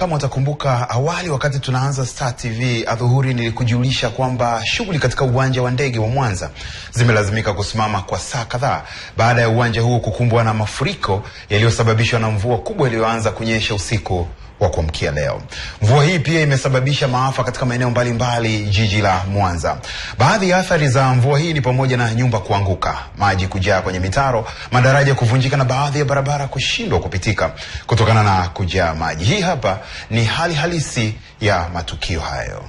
Kama utakumbuka awali, wakati tunaanza Star TV adhuhuri, nilikujulisha kwamba shughuli katika uwanja wa ndege wa Mwanza zimelazimika kusimama kwa saa kadhaa baada ya uwanja huo kukumbwa na mafuriko yaliyosababishwa na mvua kubwa iliyoanza kunyesha usiku wa kuamkia leo. Mvua hii pia imesababisha maafa katika maeneo mbalimbali jiji la Mwanza. Baadhi ya athari za mvua hii ni pamoja na nyumba kuanguka, maji kujaa kwenye mitaro, madaraja kuvunjika na baadhi ya barabara kushindwa kupitika kutokana na kujaa maji. Hii hapa ni hali halisi ya matukio hayo.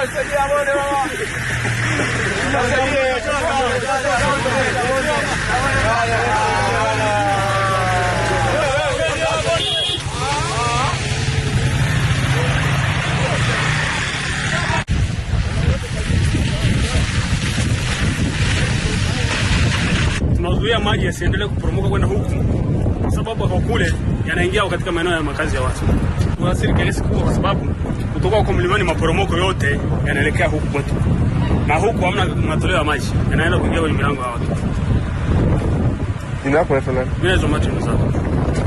nos bueno, vamos. No no, maji yasiendelee kwenda huku, sababu hapo kule yanaingia katika maeneo ya makazi ya watu. kuna serikali siku kwa sababu kutoka huko mlimani maporomoko yote yanaelekea huku kwetu, na huku hamna matoleo ya maji, yanaenda kuingia kwenye milango ya watu. Jina lako ni nani? Mimi naitwa Martin Mzava.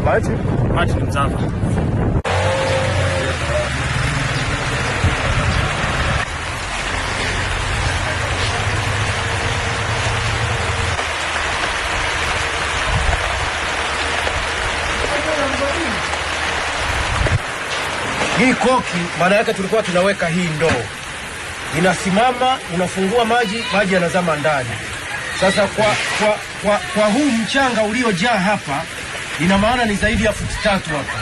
Martin? Martin Mzava. Hii koki maana yake tulikuwa tunaweka hii ndoo inasimama, unafungua maji, maji yanazama ndani. Sasa kwa, kwa, kwa, kwa huu mchanga uliojaa hapa, ina maana ni zaidi ya futi tatu hapa.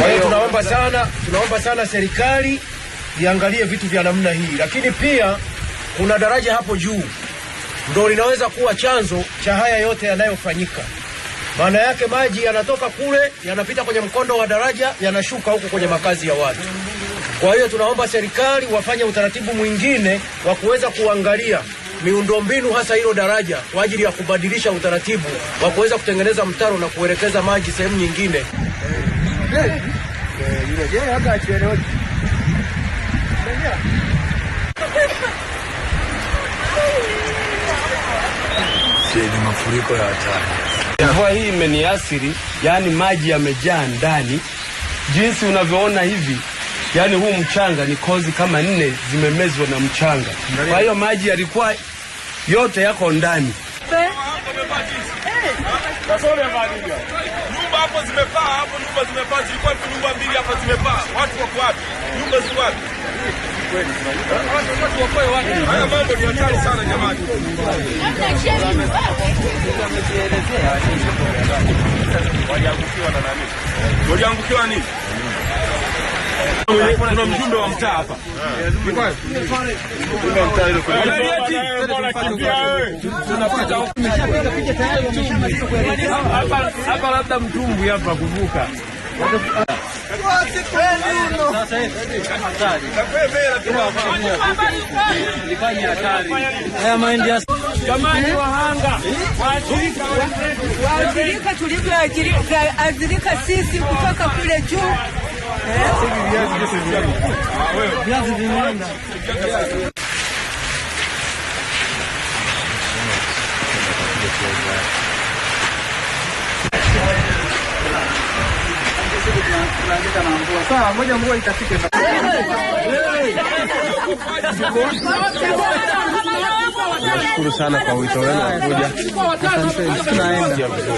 Kwa hiyo tunaomba sana, tunaomba sana serikali iangalie vitu vya namna hii, lakini pia kuna daraja hapo juu ndo linaweza kuwa chanzo cha haya yote yanayofanyika. Maana yake maji yanatoka kule yanapita kwenye mkondo wa daraja yanashuka huku kwenye makazi ya watu. Kwa hiyo tunaomba serikali wafanye utaratibu mwingine wa kuweza kuangalia miundombinu hasa hilo daraja kwa ajili ya kubadilisha utaratibu wa kuweza kutengeneza mtaro na kuelekeza maji sehemu nyingine. Ni mafuriko ya hatari. Mvua hii imeniathiri, yaani maji yamejaa ndani, jinsi unavyoona hivi Yaani huu mchanga ni kozi kama nne zimemezwa na mchanga, kwa hiyo maji yalikuwa yote yako ndani. Eh. Nyumba hapo zimepaa, hapo nyumba zimepaa, zilikuwa nyumba mbili hapa zimepaa. Watu wako wapi? Nyumba ziko wapi? kweli. Haya mambo ni hatari sana jamani. Waliangukiwa na Waliangukiwa nini? Kuna mjumbe wa mtaa hapa. Hapa labda mtumbwi hapa kuvuka Jamani wahanga waathirika tulivyoathirika sisi kutoka kule juu viazi eh? tunaanza na mvua. Sawa, ngoja mvua ikafike. Nashukuru sana kwa wito wenu wa kuja. Asante.